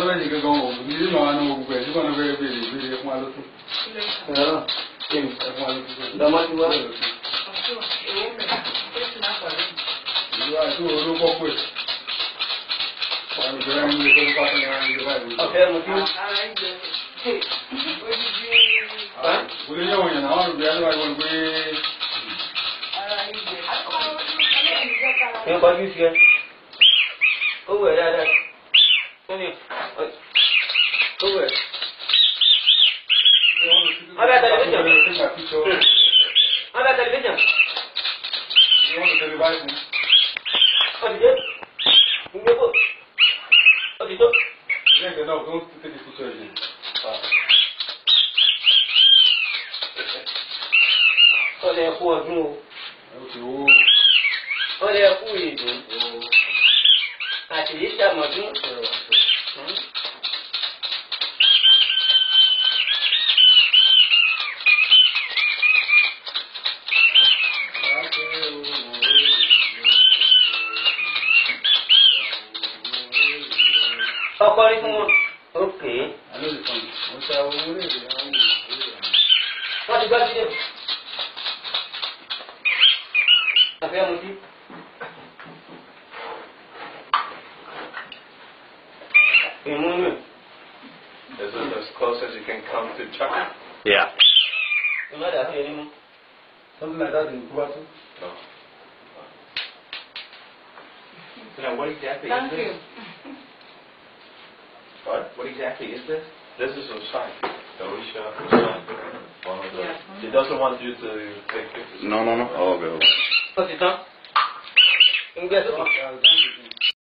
lọ́wọ́ ẹ̀yìn gẹ́gẹ́ wọn òògùn nínú àwọn àwọn òògùn ẹ̀ nígbà náà fẹ́ẹ́ béèrè ẹ̀kún alókù. ìwà àti olóko ẹ ó wẹ̀ dáadáa. Koniec. Dobra. Aga, televizyon. Aga, televizyon. Nie może przerywać. Chodź, gdzie? Mówię, bo... Chodź, to? Nie, nie, no, no, ty tego słyszałeś. Tak. Olha a rua, Ju. Olha a rua, Ju àti yìí ṣàmọ̀dún. fún wọn. ok. wọ́n ti gbá sílẹ̀. àfẹ́ Mm-hmm. This is as close as you can come to chakra. Yeah. Something like that in Cuba No. So now what exactly Thank is this? You. What? What exactly is this? This is Osai. Darisha Osai. One of the... Yeah. He doesn't want you to take pictures. No, no, no. Oh, okay. What's it, huh?